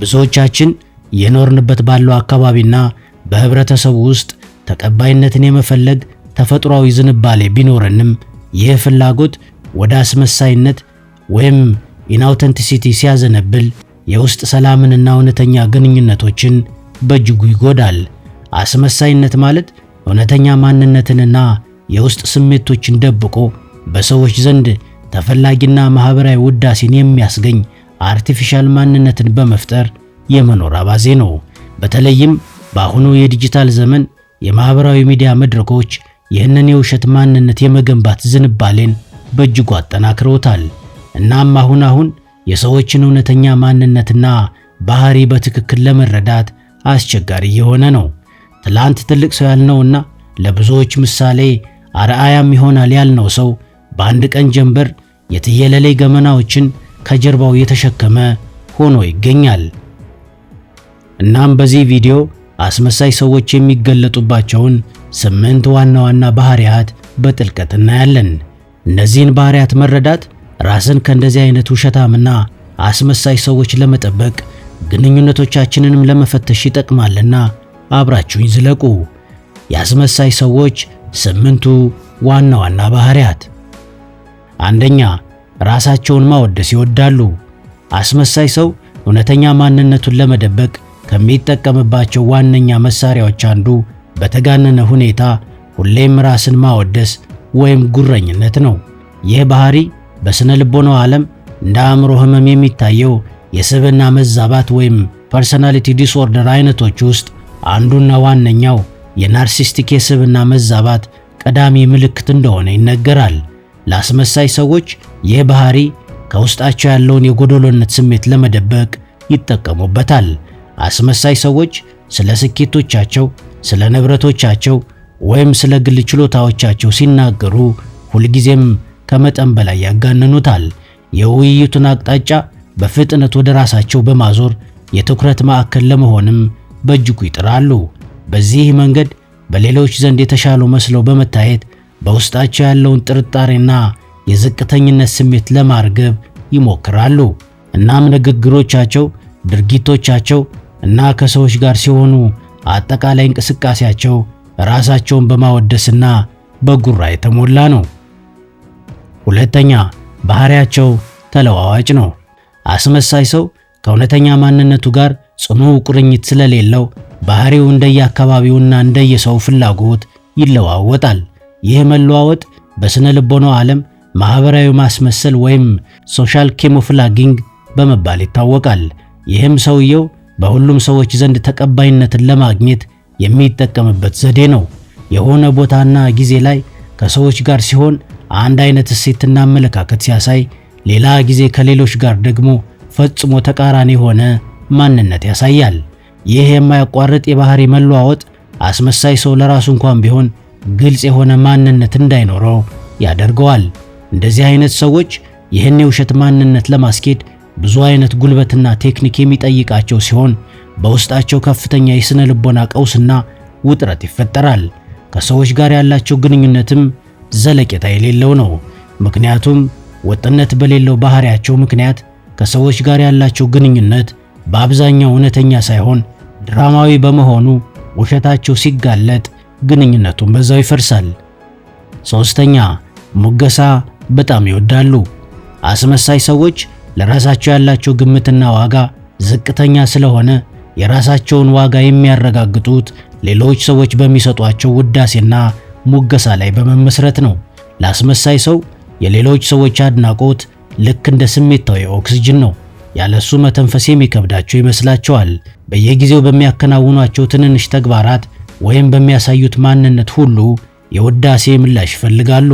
ብዙዎቻችን የኖርንበት ባለው አካባቢና በህብረተሰቡ ውስጥ ተቀባይነትን የመፈለግ ተፈጥሯዊ ዝንባሌ ቢኖረንም ይህ ፍላጎት ወደ አስመሳይነት ወይም ኢንአውተንቲሲቲ ሲያዘነብል የውስጥ ሰላምንና እውነተኛ ግንኙነቶችን በእጅጉ ይጎዳል። አስመሳይነት ማለት እውነተኛ ማንነትንና የውስጥ ስሜቶችን ደብቆ በሰዎች ዘንድ ተፈላጊና ማህበራዊ ውዳሴን የሚያስገኝ አርቲፊሻል ማንነትን በመፍጠር የመኖር አባዜ ነው። በተለይም በአሁኑ የዲጂታል ዘመን የማህበራዊ ሚዲያ መድረኮች ይህንን የውሸት ማንነት የመገንባት ዝንባሌን በእጅጉ አጠናክረውታል። እናም አሁን አሁን የሰዎችን እውነተኛ ማንነትና ባህሪ በትክክል ለመረዳት አስቸጋሪ የሆነ ነው። ትላንት ትልቅ ሰው ያልነውና ለብዙዎች ምሳሌ አርአያም ይሆናል ያልነው ሰው በአንድ ቀን ጀንበር የትየለሌ ገመናዎችን ከጀርባው የተሸከመ ሆኖ ይገኛል። እናም በዚህ ቪዲዮ አስመሳይ ሰዎች የሚገለጡባቸውን ስምንት ዋና ዋና ባህሪያት በጥልቀት እናያለን። እነዚህን ባህሪያት መረዳት ራስን ከእንደዚህ አይነት ውሸታምና አስመሳይ ሰዎች ለመጠበቅ ግንኙነቶቻችንንም ለመፈተሽ ይጠቅማልና አብራችሁኝ ዝለቁ። የአስመሳይ ሰዎች ስምንቱ ዋና ዋና ባህሪያት፣ አንደኛ ራሳቸውን ማወደስ ይወዳሉ። አስመሳይ ሰው እውነተኛ ማንነቱን ለመደበቅ ከሚጠቀምባቸው ዋነኛ መሳሪያዎች አንዱ በተጋነነ ሁኔታ ሁሌም ራስን ማወደስ ወይም ጉረኝነት ነው። ይህ ባህሪ በስነ ልቦናው ዓለም እንደ አእምሮ ህመም የሚታየው የስብና መዛባት ወይም ፐርሰናሊቲ ዲስኦርደር አይነቶች ውስጥ አንዱና ዋነኛው የናርሲስቲክ የስብና መዛባት ቀዳሚ ምልክት እንደሆነ ይነገራል። ለአስመሳይ ሰዎች ይህ ባህሪ ከውስጣቸው ያለውን የጎደሎነት ስሜት ለመደበቅ ይጠቀሙበታል። አስመሳይ ሰዎች ስለ ስኬቶቻቸው፣ ስለ ንብረቶቻቸው ወይም ስለ ግል ችሎታዎቻቸው ሲናገሩ ሁልጊዜም ከመጠን በላይ ያጋንኑታል። የውይይቱን አቅጣጫ በፍጥነት ወደ ራሳቸው በማዞር የትኩረት ማዕከል ለመሆንም በእጅጉ ይጥራሉ። በዚህ መንገድ በሌሎች ዘንድ የተሻሉ መስለው በመታየት በውስጣቸው ያለውን ጥርጣሬና የዝቅተኝነት ስሜት ለማርገብ ይሞክራሉ። እናም ንግግሮቻቸው፣ ድርጊቶቻቸው እና ከሰዎች ጋር ሲሆኑ አጠቃላይ እንቅስቃሴያቸው ራሳቸውን በማወደስና በጉራ የተሞላ ነው። ሁለተኛ፣ ባህሪያቸው ተለዋዋጭ ነው። አስመሳይ ሰው ከእውነተኛ ማንነቱ ጋር ጽኑ ቁርኝት ስለሌለው ባህሪው እንደየአካባቢውና እንደየሰው ፍላጎት ይለዋወጣል። ይህ መለዋወጥ በስነ ልቦናው ዓለም ማኅበራዊ ማስመሰል ወይም ሶሻል ኬሞፍላጊንግ በመባል ይታወቃል። ይህም ሰውየው በሁሉም ሰዎች ዘንድ ተቀባይነትን ለማግኘት የሚጠቀምበት ዘዴ ነው። የሆነ ቦታና ጊዜ ላይ ከሰዎች ጋር ሲሆን አንድ አይነት እሴትና አመለካከት ሲያሳይ፣ ሌላ ጊዜ ከሌሎች ጋር ደግሞ ፈጽሞ ተቃራኒ የሆነ ማንነት ያሳያል። ይህ የማያቋርጥ የባህሪ መለዋወጥ አስመሳይ ሰው ለራሱ እንኳን ቢሆን ግልጽ የሆነ ማንነት እንዳይኖረው ያደርገዋል። እንደዚህ አይነት ሰዎች ይህን የውሸት ማንነት ለማስኬድ ብዙ አይነት ጉልበትና ቴክኒክ የሚጠይቃቸው ሲሆን በውስጣቸው ከፍተኛ የሥነ ልቦና ቀውስና ውጥረት ይፈጠራል። ከሰዎች ጋር ያላቸው ግንኙነትም ዘለቄታ የሌለው ነው። ምክንያቱም ወጥነት በሌለው ባህሪያቸው ምክንያት ከሰዎች ጋር ያላቸው ግንኙነት በአብዛኛው እውነተኛ ሳይሆን ድራማዊ በመሆኑ ውሸታቸው ሲጋለጥ ግንኙነቱን በዛው ይፈርሳል። ሶስተኛ ሙገሳ በጣም ይወዳሉ። አስመሳይ ሰዎች ለራሳቸው ያላቸው ግምትና ዋጋ ዝቅተኛ ስለሆነ የራሳቸውን ዋጋ የሚያረጋግጡት ሌሎች ሰዎች በሚሰጧቸው ውዳሴና ሙገሳ ላይ በመመስረት ነው። ለአስመሳይ ሰው የሌሎች ሰዎች አድናቆት ልክ እንደ ስሜታዊ ኦክስጅን ነው። ያለሱ መተንፈስ የሚከብዳቸው ይመስላቸዋል። በየጊዜው በሚያከናውኗቸው ትንንሽ ተግባራት ወይም በሚያሳዩት ማንነት ሁሉ የውዳሴ ምላሽ ይፈልጋሉ።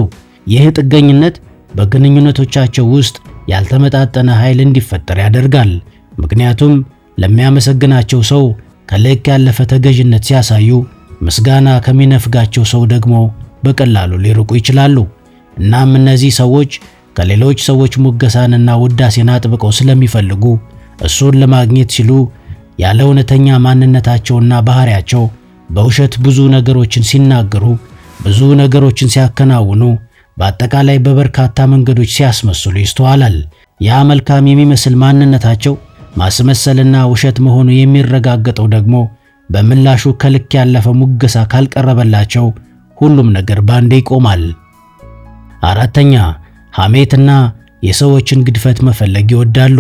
ይህ ጥገኝነት በግንኙነቶቻቸው ውስጥ ያልተመጣጠነ ኃይል እንዲፈጠር ያደርጋል። ምክንያቱም ለሚያመሰግናቸው ሰው ከልክ ያለፈ ተገዥነት ሲያሳዩ፣ ምስጋና ከሚነፍጋቸው ሰው ደግሞ በቀላሉ ሊርቁ ይችላሉ። እናም እነዚህ ሰዎች ከሌሎች ሰዎች ሙገሳንና ውዳሴን አጥብቀው ስለሚፈልጉ እሱን ለማግኘት ሲሉ ያለ እውነተኛ ማንነታቸውና ባህሪያቸው በውሸት ብዙ ነገሮችን ሲናገሩ፣ ብዙ ነገሮችን ሲያከናውኑ በአጠቃላይ በበርካታ መንገዶች ሲያስመስሉ ይስተዋላል። ያ መልካም የሚመስል ማንነታቸው ማስመሰልና ውሸት መሆኑ የሚረጋገጠው ደግሞ በምላሹ ከልክ ያለፈ ሙገሳ ካልቀረበላቸው ሁሉም ነገር ባንዴ ይቆማል። አራተኛ ሐሜትና የሰዎችን ግድፈት መፈለግ ይወዳሉ።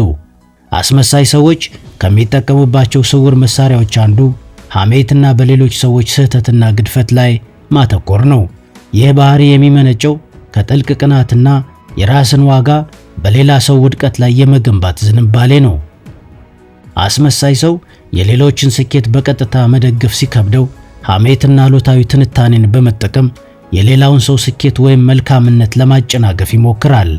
አስመሳይ ሰዎች ከሚጠቀሙባቸው ስውር መሳሪያዎች አንዱ ሐሜትና በሌሎች ሰዎች ስህተትና ግድፈት ላይ ማተኮር ነው። ይህ ባህሪ የሚመነጨው ከጥልቅ ቅናትና የራስን ዋጋ በሌላ ሰው ውድቀት ላይ የመገንባት ዝንባሌ ነው። አስመሳይ ሰው የሌሎችን ስኬት በቀጥታ መደገፍ ሲከብደው ሐሜትና አሉታዊ ትንታኔን በመጠቀም የሌላውን ሰው ስኬት ወይም መልካምነት ለማጨናገፍ ይሞክራል።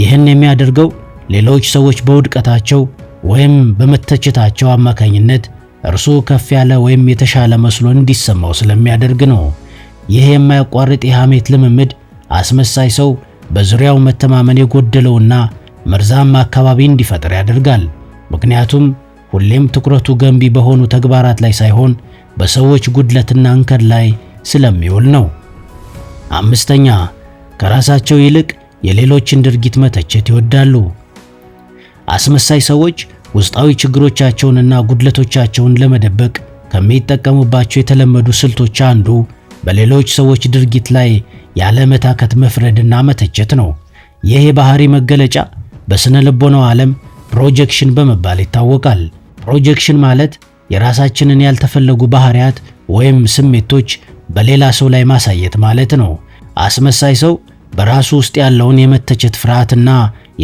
ይህን የሚያደርገው ሌሎች ሰዎች በውድቀታቸው ወይም በመተቸታቸው አማካኝነት እርሱ ከፍ ያለ ወይም የተሻለ መስሎ እንዲሰማው ስለሚያደርግ ነው። ይህ የማያቋርጥ የሐሜት ልምምድ አስመሳይ ሰው በዙሪያው መተማመን የጎደለውና መርዛማ አካባቢ እንዲፈጥር ያደርጋል። ምክንያቱም ሁሌም ትኩረቱ ገንቢ በሆኑ ተግባራት ላይ ሳይሆን በሰዎች ጉድለትና እንከን ላይ ስለሚውል ነው። አምስተኛ ከራሳቸው ይልቅ የሌሎችን ድርጊት መተቸት ይወዳሉ። አስመሳይ ሰዎች ውስጣዊ ችግሮቻቸውንና ጉድለቶቻቸውን ለመደበቅ ከሚጠቀሙባቸው የተለመዱ ስልቶች አንዱ በሌሎች ሰዎች ድርጊት ላይ ያለ መታከት መፍረድና መተቸት ነው። ይህ የባህሪ መገለጫ በስነ ልቦናው ዓለም ፕሮጀክሽን በመባል ይታወቃል። ፕሮጀክሽን ማለት የራሳችንን ያልተፈለጉ ባህሪያት ወይም ስሜቶች በሌላ ሰው ላይ ማሳየት ማለት ነው። አስመሳይ ሰው በራሱ ውስጥ ያለውን የመተቸት ፍርሃትና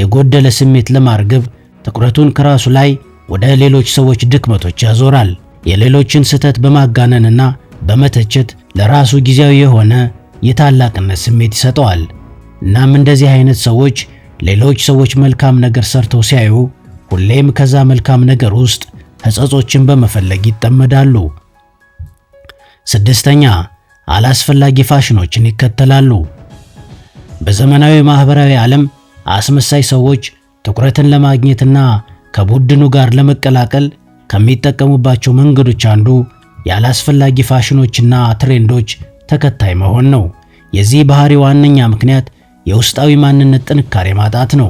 የጎደለ ስሜት ለማርገብ ትኩረቱን ከራሱ ላይ ወደ ሌሎች ሰዎች ድክመቶች ያዞራል። የሌሎችን ስህተት በማጋነንና በመተቸት ለራሱ ጊዜያዊ የሆነ የታላቅነት ስሜት ይሰጠዋል። እናም እንደዚህ አይነት ሰዎች ሌሎች ሰዎች መልካም ነገር ሰርተው ሲያዩ ሁሌም ከዛ መልካም ነገር ውስጥ ሕጸጾችን በመፈለግ ይጠመዳሉ። ስድስተኛ አላስፈላጊ ፋሽኖችን ይከተላሉ። በዘመናዊ ማህበራዊ ዓለም አስመሳይ ሰዎች ትኩረትን ለማግኘትና ከቡድኑ ጋር ለመቀላቀል ከሚጠቀሙባቸው መንገዶች አንዱ ያላስፈላጊ ፋሽኖችና ትሬንዶች ተከታይ መሆን ነው። የዚህ ባህሪ ዋነኛ ምክንያት የውስጣዊ ማንነት ጥንካሬ ማጣት ነው።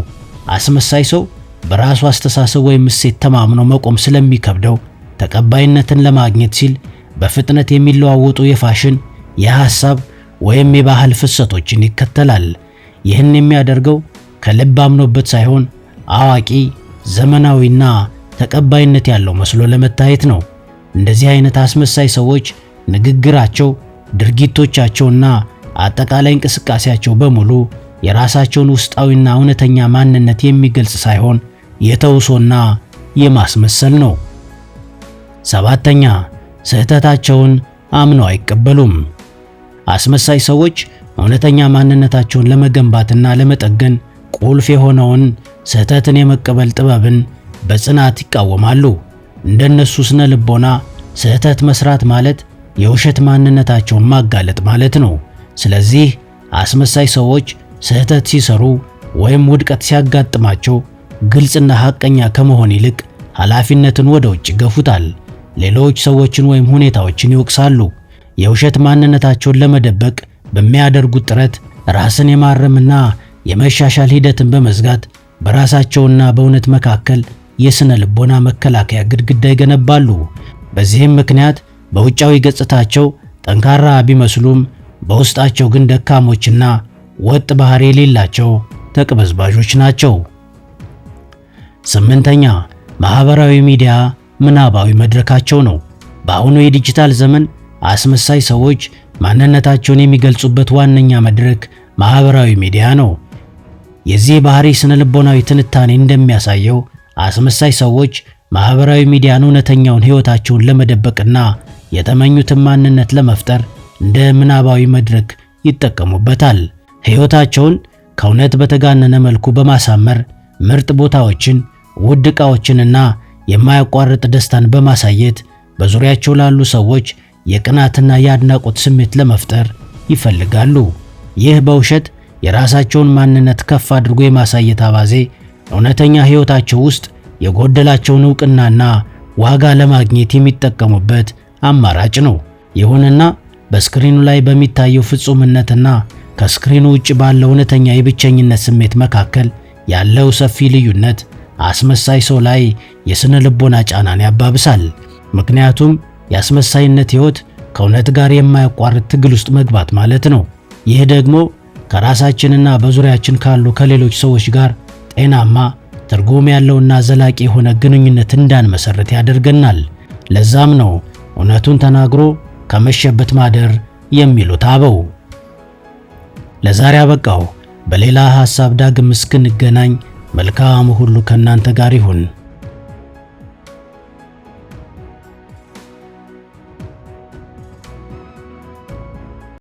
አስመሳይ ሰው በራሱ አስተሳሰብ ወይም እሴት ተማምኖ መቆም ስለሚከብደው ተቀባይነትን ለማግኘት ሲል በፍጥነት የሚለዋወጡ የፋሽን የሐሳብ ወይም የባህል ፍሰቶችን ይከተላል። ይህን የሚያደርገው ከልብ አምኖበት ሳይሆን አዋቂ፣ ዘመናዊና ተቀባይነት ያለው መስሎ ለመታየት ነው። እንደዚህ አይነት አስመሳይ ሰዎች ንግግራቸው፣ ድርጊቶቻቸውና አጠቃላይ እንቅስቃሴያቸው በሙሉ የራሳቸውን ውስጣዊና እውነተኛ ማንነት የሚገልጽ ሳይሆን የተውሶና የማስመሰል ነው። ሰባተኛ ስህተታቸውን አምነው አይቀበሉም። አስመሳይ ሰዎች እውነተኛ ማንነታቸውን ለመገንባትና ለመጠገን ቁልፍ የሆነውን ስህተትን የመቀበል ጥበብን በጽናት ይቃወማሉ። እንደነሱ ስነ ልቦና ስህተት መስራት ማለት የውሸት ማንነታቸውን ማጋለጥ ማለት ነው። ስለዚህ አስመሳይ ሰዎች ስህተት ሲሰሩ ወይም ውድቀት ሲያጋጥማቸው ግልጽና ሐቀኛ ከመሆን ይልቅ ኃላፊነትን ወደ ውጭ ይገፉታል። ሌሎች ሰዎችን ወይም ሁኔታዎችን ይወቅሳሉ። የውሸት ማንነታቸውን ለመደበቅ በሚያደርጉት ጥረት ራስን የማረምና የመሻሻል ሂደትን በመዝጋት በራሳቸውና በእውነት መካከል የስነ ልቦና መከላከያ ግድግዳ ይገነባሉ። በዚህም ምክንያት በውጫዊ ገጽታቸው ጠንካራ ቢመስሉም በውስጣቸው ግን ደካሞችና ወጥ ባህሪ የሌላቸው ተቅበዝባዦች ናቸው። ስምንተኛ ማህበራዊ ሚዲያ ምናባዊ መድረካቸው ነው። በአሁኑ የዲጂታል ዘመን አስመሳይ ሰዎች ማንነታቸውን የሚገልጹበት ዋነኛ መድረክ ማህበራዊ ሚዲያ ነው። የዚህ ባህሪ ስነ ልቦናዊ ትንታኔ እንደሚያሳየው አስመሳይ ሰዎች ማህበራዊ ሚዲያን እውነተኛውን ህይወታቸውን ለመደበቅና የተመኙትን ማንነት ለመፍጠር እንደ ምናባዊ መድረክ ይጠቀሙበታል። ህይወታቸውን ከእውነት በተጋነነ መልኩ በማሳመር ምርጥ ቦታዎችን፣ ውድ ዕቃዎችንና የማያቋርጥ ደስታን በማሳየት በዙሪያቸው ላሉ ሰዎች የቅናትና የአድናቆት ስሜት ለመፍጠር ይፈልጋሉ። ይህ በውሸት የራሳቸውን ማንነት ከፍ አድርጎ የማሳየት አባዜ እውነተኛ ህይወታቸው ውስጥ የጎደላቸውን እውቅናና ዋጋ ለማግኘት የሚጠቀሙበት አማራጭ ነው። ይሁንና በስክሪኑ ላይ በሚታየው ፍጹምነትና ከስክሪኑ ውጭ ባለው እውነተኛ የብቸኝነት ስሜት መካከል ያለው ሰፊ ልዩነት አስመሳይ ሰው ላይ የስነ ልቦና ጫናን ያባብሳል። ምክንያቱም የአስመሳይነት ህይወት ከእውነት ጋር የማያቋርጥ ትግል ውስጥ መግባት ማለት ነው። ይህ ደግሞ ከራሳችንና በዙሪያችን ካሉ ከሌሎች ሰዎች ጋር ጤናማ ትርጉም ያለውና ዘላቂ የሆነ ግንኙነት እንዳንመሰረት ያደርገናል። ለዛም ነው እውነቱን ተናግሮ ከመሸበት ማደር የሚሉት አበው። ለዛሬ አበቃው። በሌላ ሐሳብ ዳግም እስክንገናኝ መልካም ሁሉ ከእናንተ ጋር ይሁን።